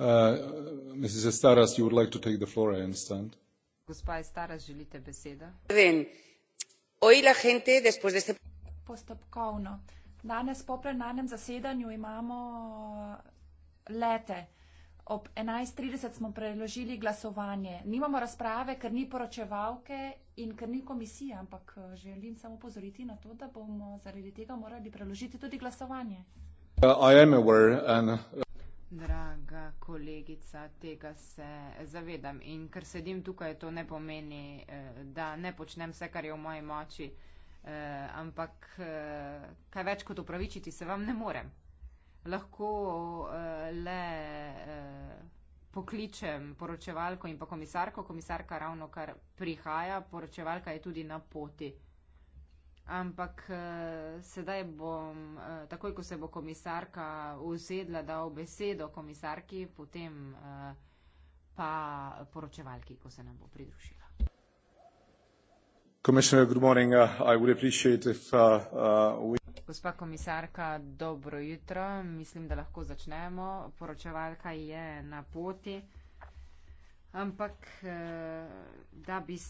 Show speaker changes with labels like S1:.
S1: Uh, Mrs. Estaras, you would like to take the floor, I understand.
S2: Gospa Estaras, želite besedo? Vem. Oi, la gente,
S1: después de este... Postopkovno. Danes po plenarnem zasedanju imamo uh, lete. Ob 11.30 smo preložili glasovanje. Nimamo razprave, ker ni poročevalke in ker ni komisije, ampak uh, želim samo pozoriti na to, da bomo zaradi tega morali preložiti tudi glasovanje. Uh, I am aware and... Uh
S2: kolegica, tega se zavedam. In ker sedim tukaj, to ne pomeni, eh, da ne počnem vse, kar je v moji moči, eh, ampak eh, kaj več kot upravičiti se vam ne morem. Lahko le pokličem poročevalko in pa komisarko. Komisarka ravno kar prihaja, poročevalka je tudi na poti ampak uh, sedaj bom, uh, takoj ko se bo komisarka usedla, dal besedo komisarki, potem uh, pa poročevalki, ko se nam bo pridružila.
S1: Uh, uh, uh,
S2: Gospa komisarka, dobro jutro. Mislim, da lahko začnemo. Poročevalka je na poti. Ampak, da bi se.